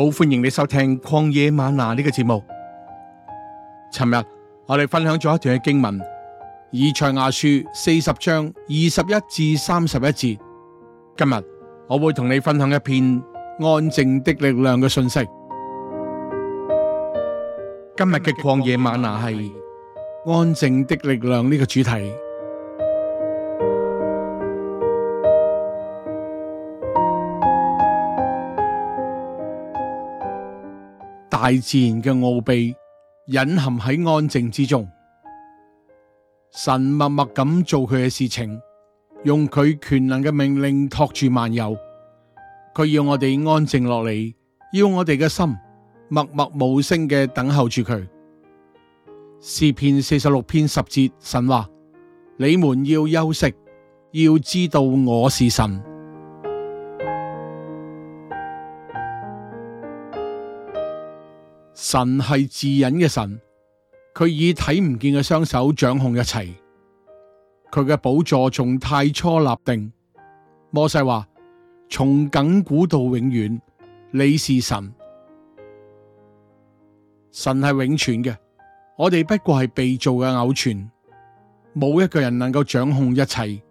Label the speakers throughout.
Speaker 1: 好，歡迎你收聽曠野嗎哪呢個節目。尋日我哋分享咗一段嘅經文，以賽亞書四十章二十一至三十一節。今日我會同你分享一篇安靜的力量嘅信息。今日嘅曠野嗎哪係安靜的力量呢個主題。大自然嘅奧秘隱含喺安靜之中，神默默咁做佢嘅事情，用佢權能嘅命令托住萬有。佢要我哋安靜落嚟，要我哋嘅心默默無聲嘅等候住佢。詩篇四十六篇十節，神話：你們要休息，要知道我是神。神係自隱嘅神，佢以睇唔見嘅雙手掌控一切。佢嘅寶座從太初立定。摩西話：從亙古到永遠，你是神。神係永存嘅，我哋不過係被造嘅偶存，冇一個人能夠掌控一切。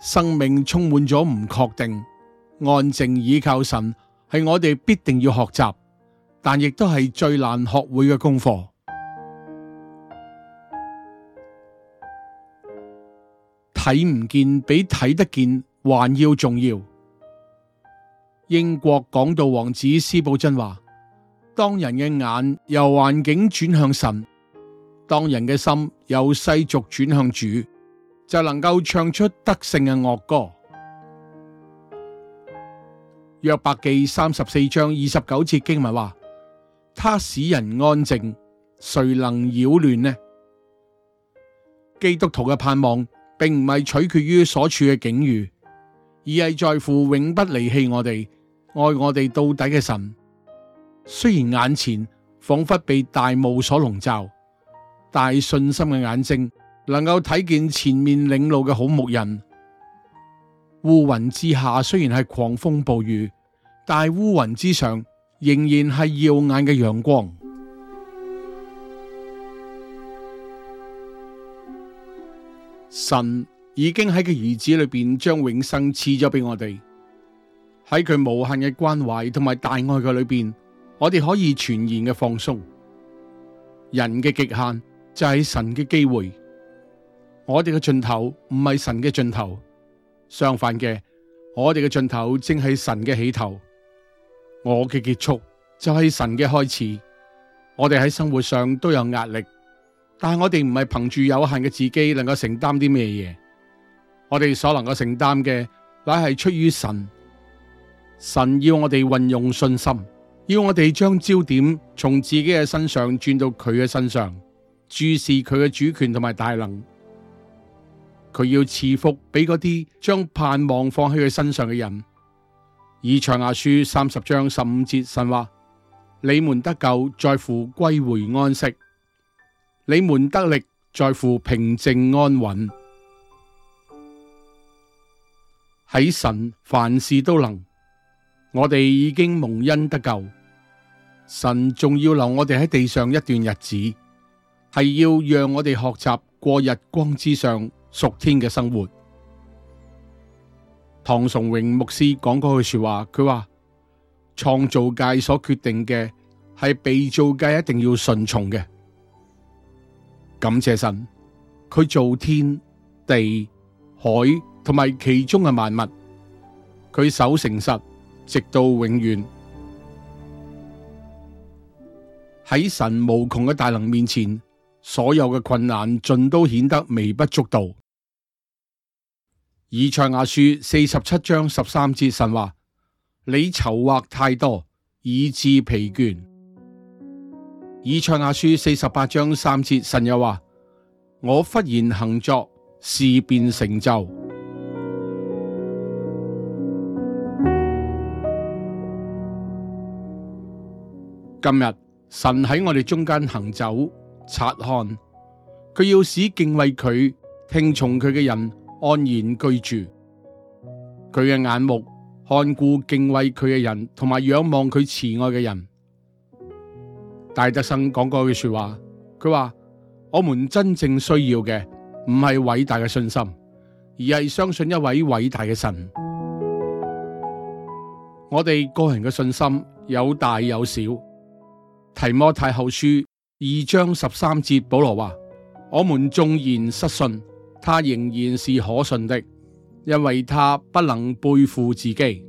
Speaker 1: 生命充滿咗唔確定，安靜倚靠神係我哋必定要學習。但亦都係最難學會嘅功課。睇唔見比睇得見還要重要。英國講道王子司布真話：當人嘅眼由環境轉向神，當人嘅心由世俗轉向主，就能夠唱出得勝嘅樂歌。約伯記三十四章二十九節經文話：他使人安靜，誰能擾亂呢？基督徒嘅盼望，並唔係取決於所處嘅境遇，而係在乎永不離棄我哋、愛我哋到底嘅神。雖然眼前仿佛被大霧所籠罩，但信心嘅眼睛能夠睇見前面領路嘅好牧人。烏雲之下雖然係狂風暴雨，但烏雲之上。仍然係耀眼嘅陽光，神已經喺佢兒子裏邊將永生賜咗俾我哋。喺佢無限嘅關懷同埋大愛嘅裏邊，我哋可以全然嘅放鬆。人嘅極限就係神嘅機會。我哋嘅盡頭唔係神嘅盡頭，相反嘅，我哋嘅盡頭正係神嘅起頭。我嘅結束就係神嘅開始。我哋喺生活上都有壓力，但我哋唔係憑住有限嘅自己能夠承擔啲咩嘢。我哋所能夠承擔嘅，乃係出於神。神要我哋運用信心，要我哋將焦點從自己嘅身上轉到佢嘅身上，注視佢嘅主權同埋大能。佢要賜福俾嗰啲將盼望放喺佢身上嘅人。以賽亞書三十章十五節，神話：你們得救，在乎歸回安息；你們得力，在乎平靜安穩。喺神，凡事都能，我哋已經蒙恩得救，神仲要留我哋喺地上一段日子，係要讓我哋學習過日光之上屬天嘅生活。唐崇榮牧師講嗰句說話，佢話，創造界所決定嘅係被造界一定要順從嘅。感謝神，佢造天地海同埋其中嘅萬物，佢守誠實直到永遠。喺神無窮嘅大能面前，所有嘅困難盡都顯得微不足道。以賽亞書四十七章十三節，神話：你籌劃太多，以致疲倦。以賽亞書四十八章三節，神又話：我忽然行作，事變成就。今日神喺我哋中間行走、察看。佢要使敬畏佢、聽從佢嘅人，安然居住，佢嘅眼目看顧敬畏佢嘅人，同埋仰望佢慈愛嘅人。戴德生講過句說話，佢話：我們真正需要嘅唔係偉大嘅信心，而係相信一位偉大嘅神。我哋個人嘅信心有大有小。提摩太後書二章十三節，保羅話：我們縱然失信。他仍然是可信的，因為他不能背負自己。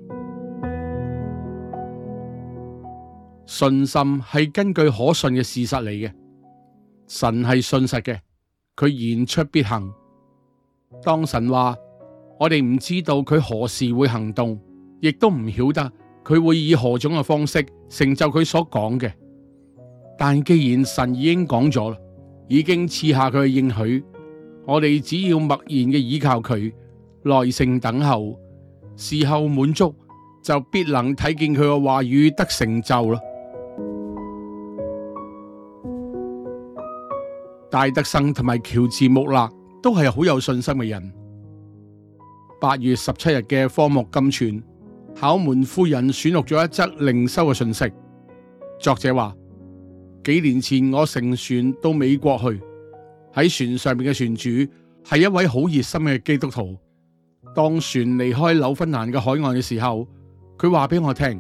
Speaker 1: 信心係根據可信嘅事實嚟嘅，神係信實嘅，佢言出必行。當神話我哋唔知道佢何時會行動，亦都唔曉得佢會以何種嘅方式成就佢所講嘅。但既然神已經講咗啦，已經賜下佢嘅應許。我哋只要默然嘅倚靠佢，耐性等候，事後滿足，就必能睇見佢嘅話語得成就 大戴德生同埋喬治穆勒都係好有信心嘅人。八月十七日嘅《荒漠甘泉》，考門夫人選錄咗一則靈修嘅信息。作者話：幾年前我乘船到美國去。喺船上面嘅船主係一位好熱心嘅基督徒。當船離開紐芬蘭嘅海岸嘅時候，佢話俾我聽：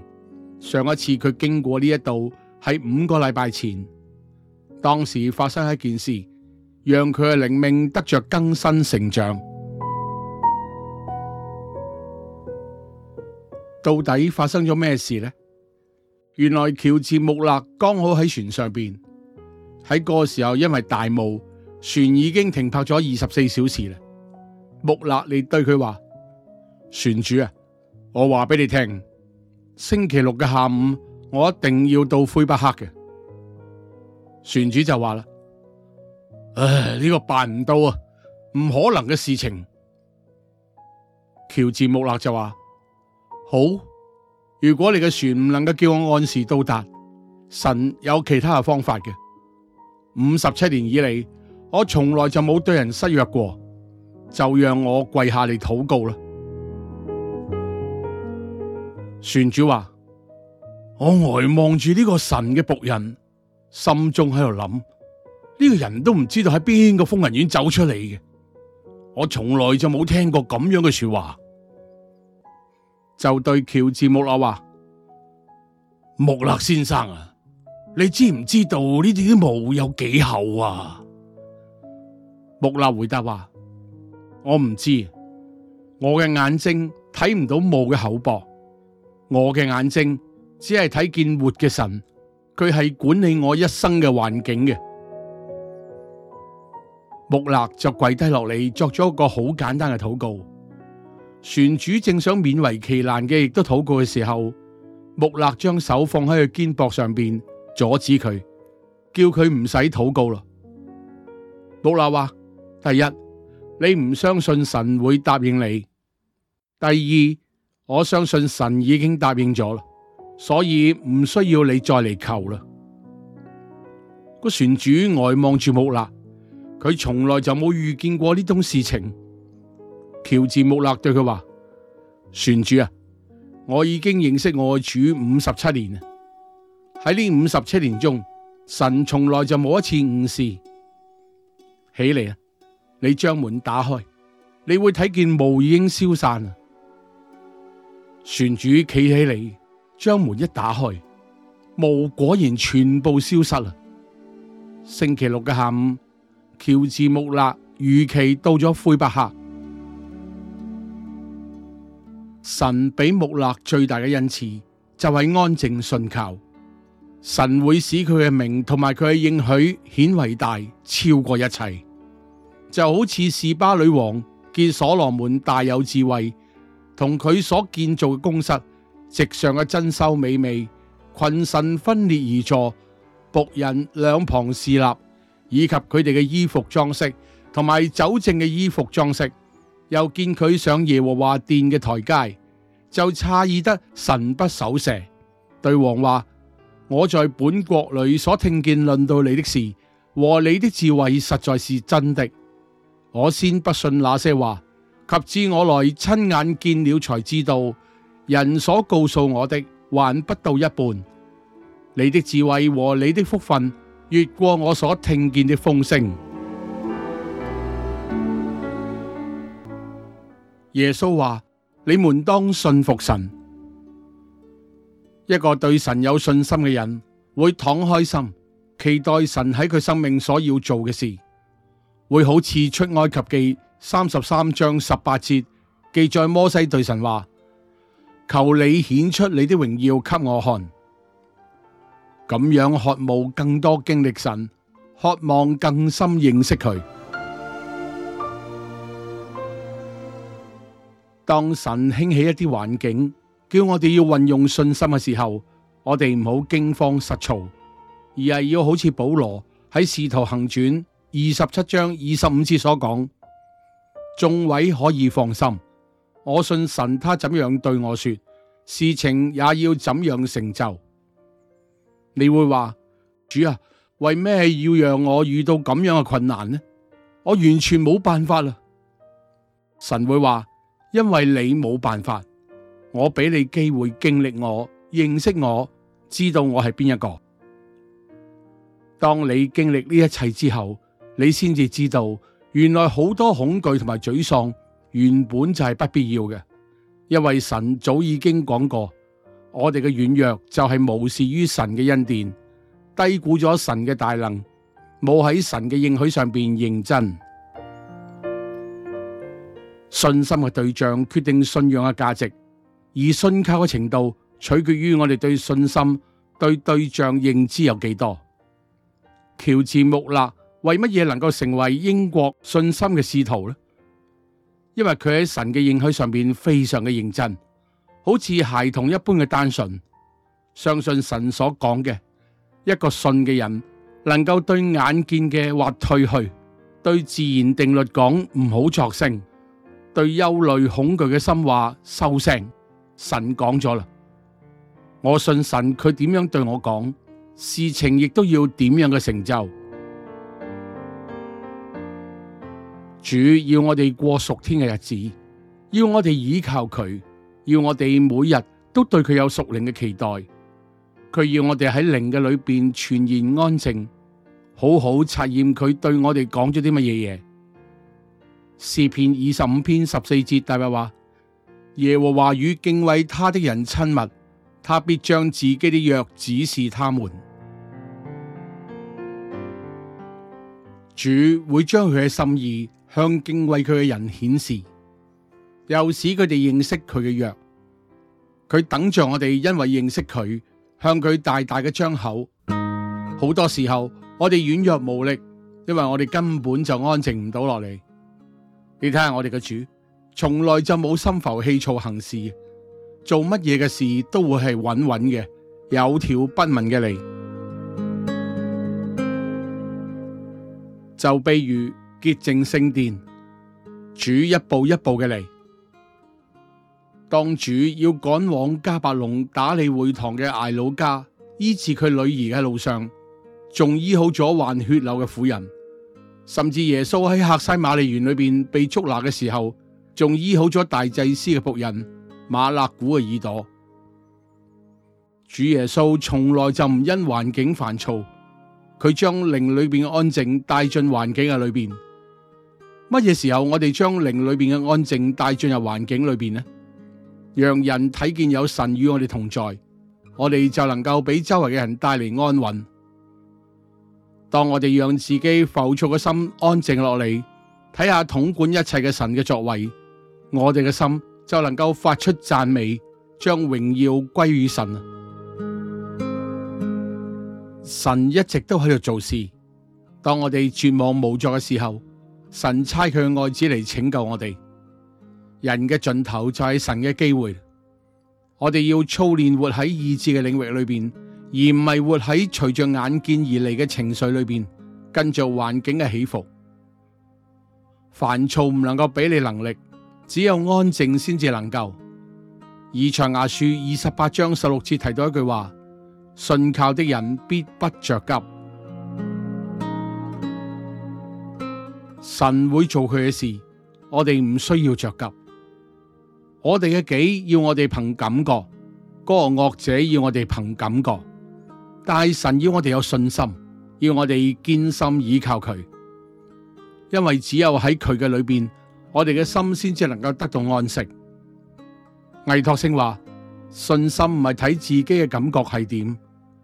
Speaker 1: 上一次佢經過呢一度喺五個禮拜前，當時發生一件事，讓佢嘅靈命得着更新成長。到底發生咗咩事呢？原來喬治穆勒剛好喺船上邊，喺嗰個時候因為大霧。船已經停泊咗二十四小時啦。穆勒，你對佢話：船主啊，我話俾你聽，星期六嘅下午我一定要到魁北克嘅。船主就話啦：，唉，呢、這個辦唔到啊，唔可能嘅事情。喬治穆勒就話：好，如果你嘅船唔能夠叫我按時到達，神有其他嘅方法嘅。五十七年以嚟。我從來就冇對人失約過，就讓我跪下嚟禱告啦。船主話：我呆望住呢個神嘅僕人，心中喺度諗：呢、呢個人都唔知道喺邊個瘋人院走出嚟嘅。我從來就冇聽過咁樣嘅說話。就對喬治穆勒話：穆勒先生啊，你知唔知道呢啲霧有幾厚啊？穆勒回答話：我唔知，我嘅眼睛睇唔到霧嘅厚薄。我嘅眼睛只係睇見活嘅神，佢係管理我一生嘅環境嘅。穆勒就跪低落嚟，作咗一個好簡單嘅禱告。船主正想勉為其難嘅亦都禱告嘅時候，穆勒將手放喺佢肩膊上邊，阻止佢，叫佢唔使禱告啦。穆勒話。第一，你唔相信神會答應你；第二，我相信神已經答應咗，所以唔需要你再嚟求啦。個船主呆望住穆勒，佢從來就冇遇見過呢種事情。喬治穆勒對佢話：船主啊，我已經認識我主五十七年了，喺呢五十七年中，神從來就冇一次誤事。起嚟啊！你將門打開，你會睇見霧已經消散啦。船主企起嚟，將門一打開，霧果然全部消失啦。星期六嘅下午，喬治穆勒如期到咗灰伯克。神俾穆勒最大嘅恩賜就係、是、安靜信求。神會使佢嘅名同埋佢嘅應許顯為大，超過一切。就好似士巴女王見所羅門大有智慧，同佢所建造嘅宮室，席上嘅珍饈美味，群臣分裂而坐，僕人兩旁侍立，以及佢哋嘅衣服裝飾同埋酒政嘅衣服裝飾，又見佢上耶和華殿嘅台階，就詫異得神不守舍，對王話：我在本國裏所聽見論到你的事和你的智慧，實在是真的。我先不信那些話，及至我來親眼見了，才知道人所告訴我的還不到一半。你的智慧和你的福分，越過我所聽見的風聲。耶穌話：你們當信服神。一個對神有信心嘅人，會敞開心，期待神喺佢生命所要做嘅事。會好似出埃及記三十三章十八節記載，摩西對神話：求你顯出你的榮耀給我看，噉樣渴望更多經歷神，渴望更深認識佢。當神興起一啲環境，叫我哋要運用信心嘅時候，我哋唔好驚慌失措，而係要好似保羅喺使徒行傳。二十七章二十五節所講，眾位可以放心，我信神，他怎樣對我說，事情也要怎樣成就。你會話，主啊，為咩要讓我遇到咁樣嘅困難呢？我完全冇辦法啦。神會話，因為你冇辦法，我俾你機會經歷我，認識我，知道我係邊一個。當你經歷呢一切之後。你先至知道，原來好多恐懼同埋沮喪原本就係不必要嘅，因為神早已經講過。我哋嘅軟弱就係無視於神嘅恩典，低估咗神嘅大能，冇喺神嘅應許上邊認真。信心嘅對象決定信仰嘅價值，而信靠嘅程度取決於我哋對信心對對象認知有幾多少。喬治穆勒，為乜嘢能夠成為英國信心的使徒呢？因為佢喺神嘅應許上面非常嘅認真，好似孩童一般嘅單純，相信神所講嘅，一個信嘅人能夠對眼見嘅話，退去，對自然定律講唔好作聲，對憂慮恐懼嘅心話收聲。神講咗啦，我信神，佢點樣對我講，事情亦都要點樣嘅成就。主要我哋過屬天嘅日子，要我哋倚靠佢，要我哋每日都對佢有屬靈嘅期待。佢要我哋喺靈嘅裏邊全然安靜，好好察驗佢對我哋講咗啲乜嘢嘢。詩篇二十五篇十四節大白話：耶和華與敬畏他的人親密，他必將自己的約指示他們。主會將佢嘅心意。向敬畏佢嘅人顯示，又使佢哋認識佢嘅約。佢等住我哋，因為認識佢，向佢大大嘅張口。好多時候，我哋軟弱無力，因為我哋根本就安靜唔到落嚟。你睇下我哋嘅主，從來就冇心浮氣躁行事，做乜嘢嘅事都會係穩穩嘅，有條不紊嘅嚟。就比如。潔淨聖殿，主一步一步嘅嚟。當主要趕往迦百農打理會堂嘅睚魯醫治佢女兒嘅路上，仲醫好咗患血漏嘅婦人，甚至耶穌喺客西馬尼園裏邊被捉拿嘅時候，仲醫好咗大祭司嘅僕人馬勒古嘅耳朵。主耶穌從來就唔因環境煩躁，佢將靈裏邊嘅安靜帶進環境嘅裏邊。乜嘢時候我哋將靈裏邊嘅安靜帶進入環境裏邊呢？讓人睇見有神與我哋同在，我哋就能夠俾周圍嘅人帶嚟安穩。當我哋讓自己浮躁嘅心安靜落嚟，睇下統管一切嘅神嘅作為，我哋嘅心就能夠發出讚美，將榮耀歸於神。神一直都喺度做事，當我哋絕望無助嘅時候。神差佢愛子嚟拯救我哋，人嘅盡頭就係神嘅機會。我哋要操練活喺意志嘅領域裏邊，而唔係活喺隨着眼見而嚟嘅情緒裏邊，跟住環境嘅起伏。煩躁唔能夠俾你能力，只有安靜先至能夠。以賽亞書二十八章十六節提到一句話：信靠的人必不着急。神會做佢嘅事，我哋唔需要着急。我哋嘅己要我哋憑感覺，嗰、那個惡者要我哋憑感覺，但係神要我哋有信心，要我哋堅心倚靠佢，因為只有喺佢嘅裏邊，我哋嘅心先至能夠得到安息。魏托星話：信心唔係睇自己嘅感覺係點，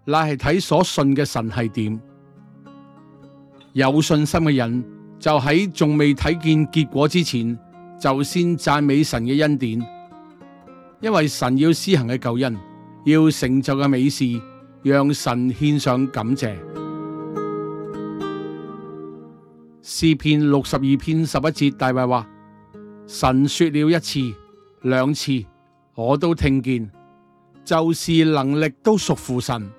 Speaker 1: 乃係睇所信嘅神係點。有信心嘅人。就喺仲未睇見結果之前，就先讚美神嘅恩典，因為神要施行嘅救恩，要成就嘅美事，讓神獻上感謝。 詩篇六十二篇十一節，大衛話：神說了一次、兩次，我都聽見，就是能力都屬乎神。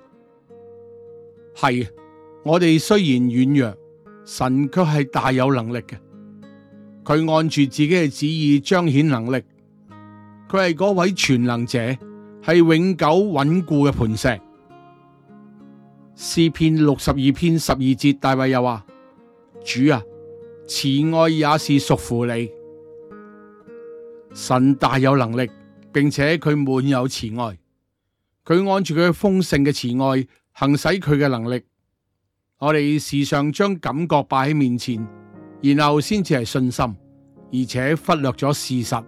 Speaker 1: 係，我哋雖然軟弱。神佢係大有能力嘅，佢按住自己嘅旨意彰顯能力，佢係嗰位全能者，係永久穩固嘅磐石。詩篇六十二篇十二節，大衛又話：主啊，慈愛也是屬乎你。神大有能力，並且佢滿有慈愛，佢按住佢嘅豐盛嘅慈愛，行使佢嘅能力。我哋時常將感覺擺喺面前，然後先至係信心，而且忽略咗事實。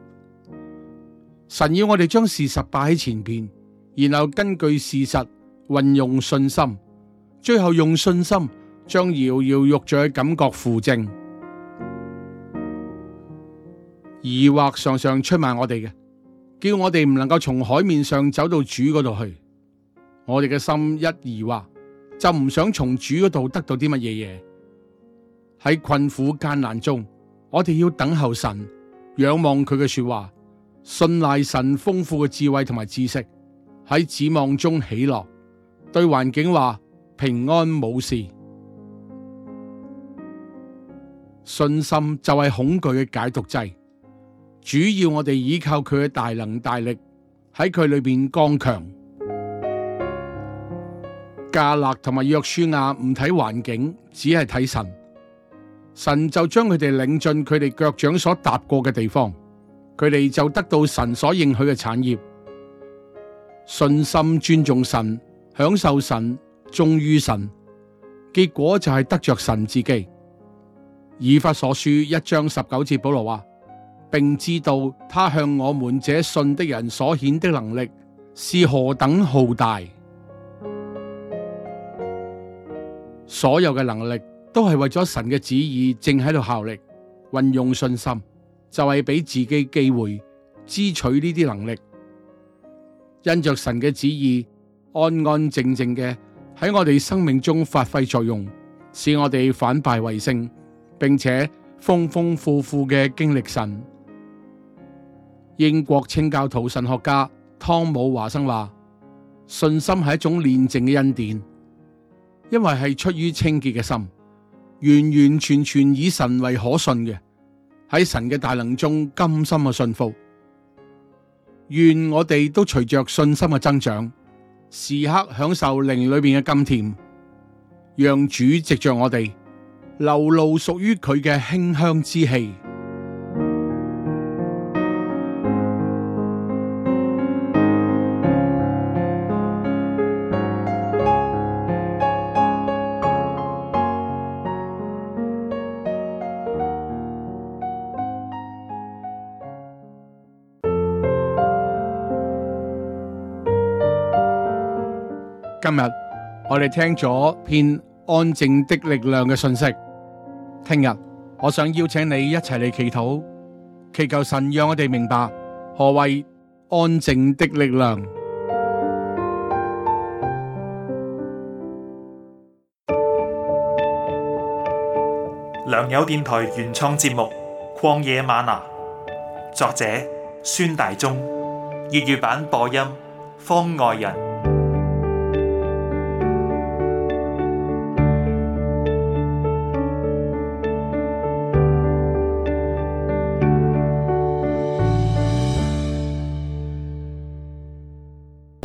Speaker 1: 神要我哋將事實擺喺前面，然後根據事實運用信心，最後用信心將遙遙欲墜嘅感覺扶正。疑惑常常出賣我哋嘅，叫我哋唔能夠從海面上走到主嗰度去。我哋嘅心一疑惑，就唔想從主嗰度得到啲乜嘢嘢。喺困苦艱難中，我哋要等候神，仰望佢嘅說話，信賴神豐富嘅智慧同埋知識。喺指望中喜樂，對環境話，平安冇事。信心就係恐懼嘅解毒劑，主要我哋依靠佢嘅大能大力，喺佢裏邊剛強。迦勒同埋約書亞唔睇環境，只係睇神。神就將佢哋領進佢哋腳掌所踏過嘅地方，佢哋就得到神所應許嘅產業。信心尊重神，享受神，忠於神，結果就係得着神自己。以法所書一章十九節，保羅話，並知道他向我們這信的人所顯的能力是何等浩大。所有嘅能力都係為咗神嘅旨意，正喺度效力。運用信心就係、是、俾自己機會支取呢啲能力，因着神嘅旨意，安安靜靜嘅喺我哋生命中發揮作用，使我哋反敗為勝，並且豐豐富富嘅經歷神。英國清教徒神學家湯姆華生話：信心係一種煉淨嘅恩典。因為係出於清潔嘅心，完完全全以神為可信嘅，喺神嘅大能中甘心嘅信服。願我哋都隨着信心嘅增長，時刻享受靈裏面嘅甘甜，讓主藉着我哋流露屬於佢嘅馨香之氣。聽咗篇安靜的力量嘅信息，聽日我想邀請你一齊嚟祈禱，祈求神讓我哋明白何謂安靜的力量。良友電台原創節目《曠野嗎哪》，作者：孫大中，粵語版播音：方外人。